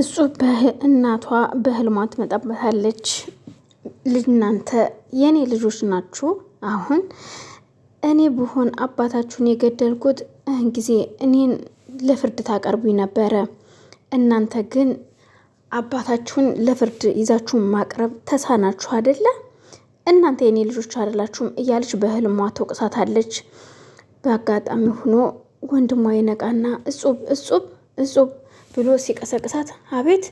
እሱ እናቷ በህልሟ ትመጣበታለች። ልጅ እናንተ የእኔ ልጆች ናችሁ። አሁን እኔ ብሆን አባታችሁን የገደልኩት ጊዜ እኔን ለፍርድ ታቀርቡኝ ነበረ። እናንተ ግን አባታችሁን ለፍርድ ይዛችሁን ማቅረብ ተሳናችሁ አይደለ? እናንተ የእኔ ልጆች አደላችሁም እያለች በህልሟ ተወቅሳታለች። በአጋጣሚ ሆኖ ወንድሟ ይነቃና እጹብ እጹብ እጹብ ብሎ ሲቀሰቅሳት አቤት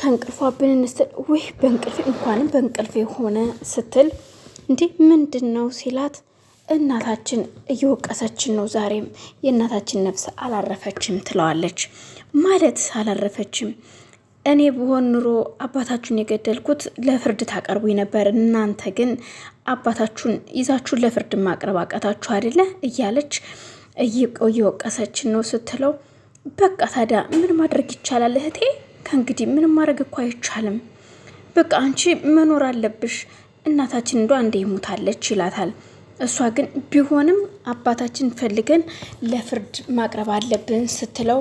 ከእንቅልፏ ብንን ስትል ውህ በእንቅልፌ እንኳንም በእንቅልፌ ሆነ ስትል እንዲህ ምንድን ነው ሲላት እናታችን እየወቀሰችን ነው፣ ዛሬም የእናታችን ነፍስ አላረፈችም ትለዋለች። ማለት አላረፈችም እኔ ብሆን ኑሮ አባታችሁን የገደልኩት ለፍርድ ታቀርቡ ነበር፣ እናንተ ግን አባታችሁን ይዛችሁን ለፍርድ ማቅረብ አቃታችሁ አይደለ? እያለች እየወቀሰችን ነው ስትለው በቃ ታዲያ ምን ማድረግ ይቻላል እህቴ? ከእንግዲህ ምንም ማድረግ እኮ አይቻልም። በቃ አንቺ መኖር አለብሽ። እናታችን እንዷ አንዴ ይሞታለች ይላታል። እሷ ግን ቢሆንም አባታችን ፈልገን ለፍርድ ማቅረብ አለብን ስትለው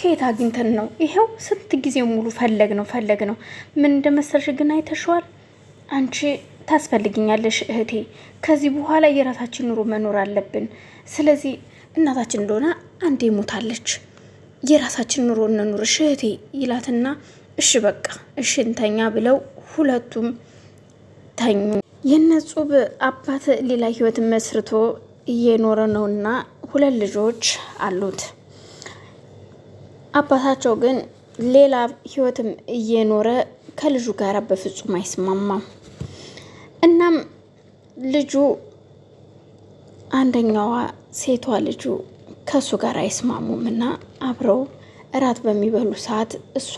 ከየት አግኝተን ነው? ይኸው ስንት ጊዜ ሙሉ ፈለግ ነው ፈለግ ነው። ምን እንደመሰልሽ ግን አይተሸዋል። አንቺ ታስፈልግኛለሽ እህቴ። ከዚህ በኋላ የራሳችን ኑሮ መኖር አለብን። ስለዚህ እናታችን እንደሆነ አንዴ ሞታለች። የራሳችን ኑሮ እንኑር እህቴ ይላትና እሺ በቃ እሺ እንተኛ ብለው ሁለቱም ተኙ። የነጹብ አባት ሌላ ህይወት መስርቶ እየኖረ ነውና ሁለት ልጆች አሉት። አባታቸው ግን ሌላ ህይወትም እየኖረ ከልጁ ጋር በፍጹም አይስማማም። እናም ልጁ አንደኛዋ ሴቷ ልጁ ከእሱ ጋር አይስማሙም እና አብረው እራት በሚበሉ ሰዓት እሷ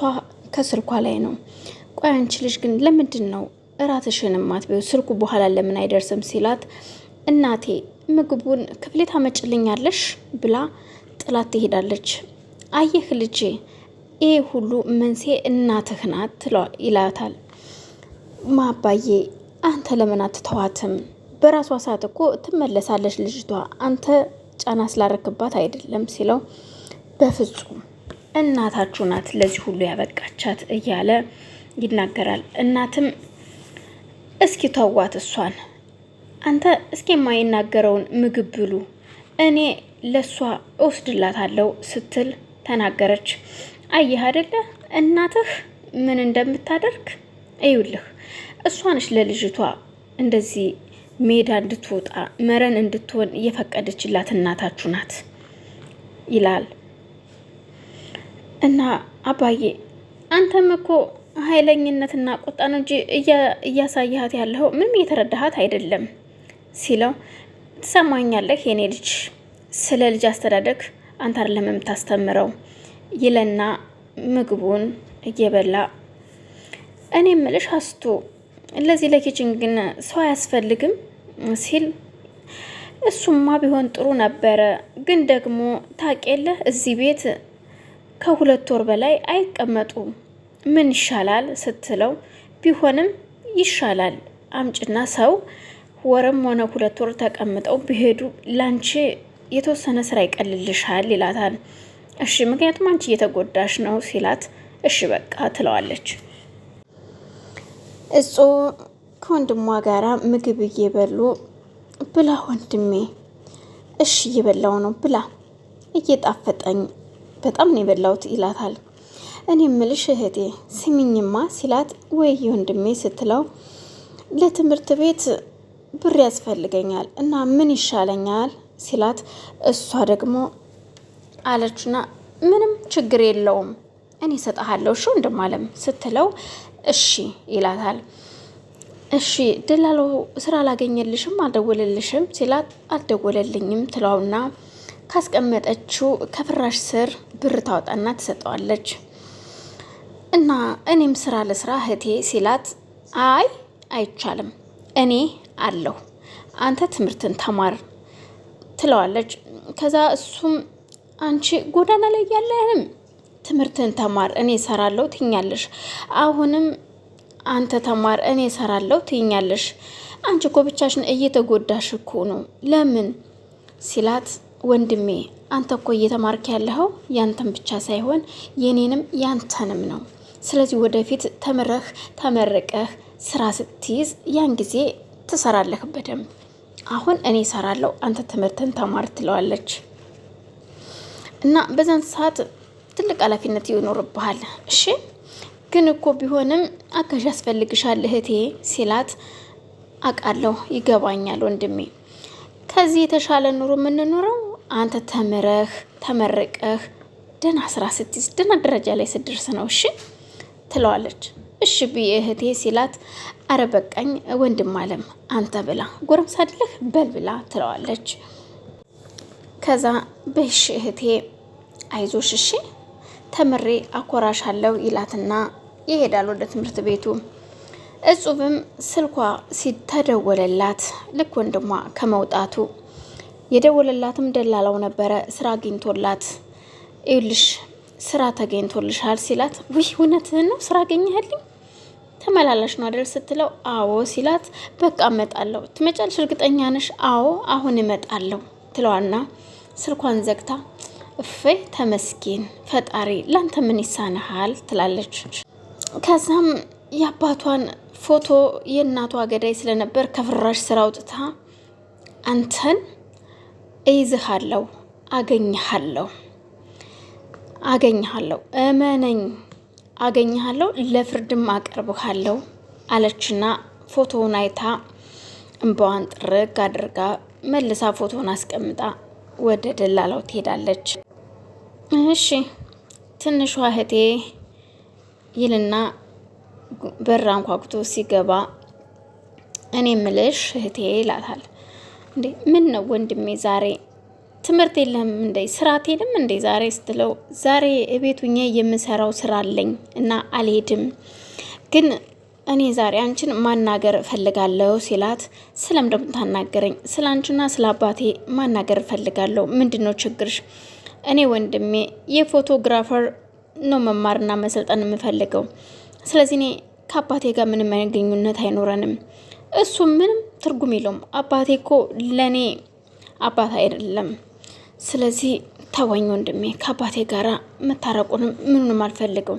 ከስልኳ ላይ ነው። ቆይ አንቺ ልጅ ግን ለምንድን ነው እራትሽን ማትበይው? ስልኩ በኋላ ለምን አይደርስም ሲላት እናቴ ምግቡን ክፍሌ ታመጭልኛለሽ ብላ ጥላት ትሄዳለች። አየህ ልጄ ይህ ሁሉ መንስኤ እናትህ ናት ይላታል። ማባዬ አንተ ለምን አትተዋትም? በራሷ ሰዓት እኮ ትመለሳለች ልጅቷ አንተ ጫና ስላረክባት አይደለም ሲለው በፍጹም እናታችሁ ናት ለዚህ ሁሉ ያበቃቻት እያለ ይናገራል። እናትም እስኪ ተዋት እሷን አንተ እስኪ የማይናገረውን ምግብ ብሉ እኔ ለእሷ እወስድላታለሁ ስትል ተናገረች። አየህ አደለ እናትህ ምን እንደምታደርግ እዩልህ። እሷ ለልጅቷ እንደዚህ ሜዳ እንድትወጣ መረን እንድትሆን እየፈቀደችላት እናታችሁ ናት ይላል እና አባዬ አንተም እኮ ኃይለኝነትና ቁጣ ነው እንጂ እያሳየሃት ያለው ምንም የተረዳሃት አይደለም ሲለው ትሰማኛለህ የኔ ልጅ ስለ ልጅ አስተዳደግ አንተ አይደለም የምታስተምረው ይለና ምግቡን እየበላ እኔ ምልሽ አስቱ ለዚህ ለኪችን ግን ሰው አያስፈልግም ሲል እሱማ ቢሆን ጥሩ ነበረ፣ ግን ደግሞ ታቄለ እዚህ ቤት ከሁለት ወር በላይ አይቀመጡም። ምን ይሻላል ስትለው ቢሆንም ይሻላል አምጭና ሰው ወርም ሆነ ሁለት ወር ተቀምጠው ቢሄዱ ላንቺ የተወሰነ ስራ ይቀልልሻል ይላታል። እሺ ምክንያቱም አንቺ እየተጎዳሽ ነው ሲላት፣ እሺ በቃ ትለዋለች። እጹ ከወንድሟ ጋር ምግብ እየበሉ ብላ ወንድሜ፣ እሺ እየበላው ነው ብላ እየጣፈጠኝ በጣም ነው የበላውት ይላታል። እኔ ምልሽ እህቴ ስሚኝማ ሲላት፣ ወይ ወንድሜ ስትለው ለትምህርት ቤት ብር ያስፈልገኛል እና ምን ይሻለኛል ሲላት፣ እሷ ደግሞ አለችና ምንም ችግር የለውም እኔ እሰጥሃለሁ ሹ እንደማለም ስትለው እሺ ይላታል። እሺ ደላላው ስራ አላገኘልሽም አልደወለልሽም ሲላት አልደወለልኝም ትለውና ካስቀመጠችው ከፍራሽ ስር ብር ታወጣና ትሰጠዋለች። እና እኔም ስራ ለስራ እህቴ ሲላት አይ አይቻልም፣ እኔ አለሁ አንተ ትምህርትን ተማር ትለዋለች። ከዛ እሱም አንቺ ጎዳና ላይ ያለህንም ትምህርትን ተማር እኔ እሰራለሁ ትኛለሽ። አሁንም አንተ ተማር እኔ እሰራለሁ ትኛለሽ። አንቺ እኮ ብቻሽን እየተጎዳሽ እኮ ነው ለምን ሲላት፣ ወንድሜ አንተ እኮ እየተማርክ ያለኸው ያንተን ብቻ ሳይሆን የኔንም ያንተንም ነው። ስለዚህ ወደፊት ተምረህ ተመርቀህ ስራ ስትይዝ ያን ጊዜ ትሰራለህ በደንብ። አሁን እኔ እሰራለሁ አንተ ትምህርትን ተማር ትለዋለች እና በዛን ሰዓት ትልቅ ኃላፊነት ይኖርብሃል። እሺ ግን እኮ ቢሆንም አጋዥ ያስፈልግሻል እህቴ ሲላት፣ አውቃለሁ፣ ይገባኛል ወንድሜ፣ ከዚህ የተሻለ ኑሮ የምንኖረው አንተ ተምረህ ተመርቀህ ደህና ስራ ስትይዝ ደህና ደረጃ ላይ ስትደርስ ነው። እሺ ትለዋለች። እሺ ብዬ እህቴ ሲላት፣ አረ በቃኝ ወንድም አለም አንተ ብላ ጎረምሳ አይደለህ በል ብላ ትለዋለች። ከዛ በሽ እህቴ አይዞሽ እሺ ተምሬ አኮራሻለሁ ይላትና ይሄዳል ወደ ትምህርት ቤቱ። እጹብም ስልኳ ሲተደወለላት ልክ ወንድሟ ከመውጣቱ የደወለላትም ደላላው ነበረ ስራ አግኝቶላት ይልሽ ስራ ተገኝቶልሻል ሲላት፣ ውይ እውነትህን ነው ስራ አገኘህልኝ ተመላላሽ ነው አደል ስትለው፣ አዎ ሲላት፣ በቃ እመጣለሁ ትመጫልሽ? እርግጠኛ ነሽ? አዎ አሁን እመጣለሁ ትለዋና ስልኳን ዘግታ እፌ ተመስጊን ፈጣሪ ላንተ ምን ይሳንሃል ትላለች። ከዛም የአባቷን ፎቶ የእናቷ ገዳይ ስለነበር ከፍራሽ ስራ አውጥታ አንተን እይዝሃለሁ፣ አገኝሃለሁ፣ አገኝሃለሁ፣ እመነኝ፣ አገኝሃለሁ፣ ለፍርድም አቀርብሃለሁ አለችና ፎቶውን አይታ እንባዋን ጥርግ አድርጋ መልሳ ፎቶውን አስቀምጣ ወደ ደላላው ትሄዳለች። እሺ ትንሿ እህቴ ይልና በር አንኳኩቶ ሲገባ እኔ ምልሽ እህቴ ይላታል። እንዴ ምን ነው ወንድሜ ዛሬ ትምህርት የለም እንዴ ስርዓት የለም እንዴ ዛሬ ስትለው፣ ዛሬ እቤቱኜ የምሰራው ስራ አለኝ እና አልሄድም፣ ግን እኔ ዛሬ አንቺን ማናገር እፈልጋለሁ ሲላት፣ ስለምን ታናገረኝ ስለ አንቺና ስለ አባቴ ማናገር እፈልጋለሁ። ምንድን ነው ችግርሽ? እኔ ወንድሜ የፎቶግራፈር ነው መማርና መሰልጠን የምፈልገው። ስለዚህ እኔ ከአባቴ ጋር ምንም አይነት ግንኙነት አይኖረንም። እሱ ምንም ትርጉም የለውም። አባቴ እኮ ለእኔ አባት አይደለም። ስለዚህ ተወኝ ወንድሜ፣ ከአባቴ ጋር መታረቁንም ምኑንም አልፈልገው።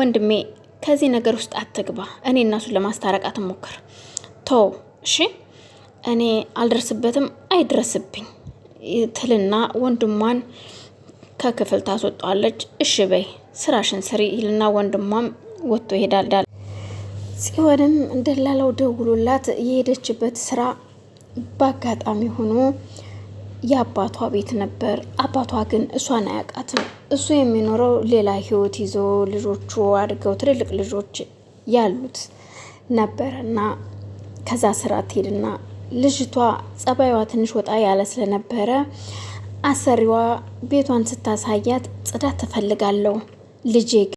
ወንድሜ ከዚህ ነገር ውስጥ አትግባ። እኔ እና እሱን ለማስታረቅ ቶ ተው እሺ። እኔ አልደርስበትም፣ አይድረስብኝ። ትልና ወንድሟን ከክፍል ታስወጣለች። እሺ በይ ስራሽን ስሪ ይልና ወንድሟም ወጥቶ ይሄዳል። ጽዮንም እንደላለው ደውሎላት የሄደችበት ስራ በአጋጣሚ ሆኖ የአባቷ ቤት ነበር። አባቷ ግን እሷን አያውቃትም። እሱ የሚኖረው ሌላ ህይወት ይዞ ልጆቹ አድገው ትልልቅ ልጆች ያሉት ነበረና ከዛ ስራ ትሄድና ልጅቷ ጸባይዋ ትንሽ ወጣ ያለ ስለነበረ አሰሪዋ ቤቷን ስታሳያት ጽዳት ትፈልጋለሁ ልጄ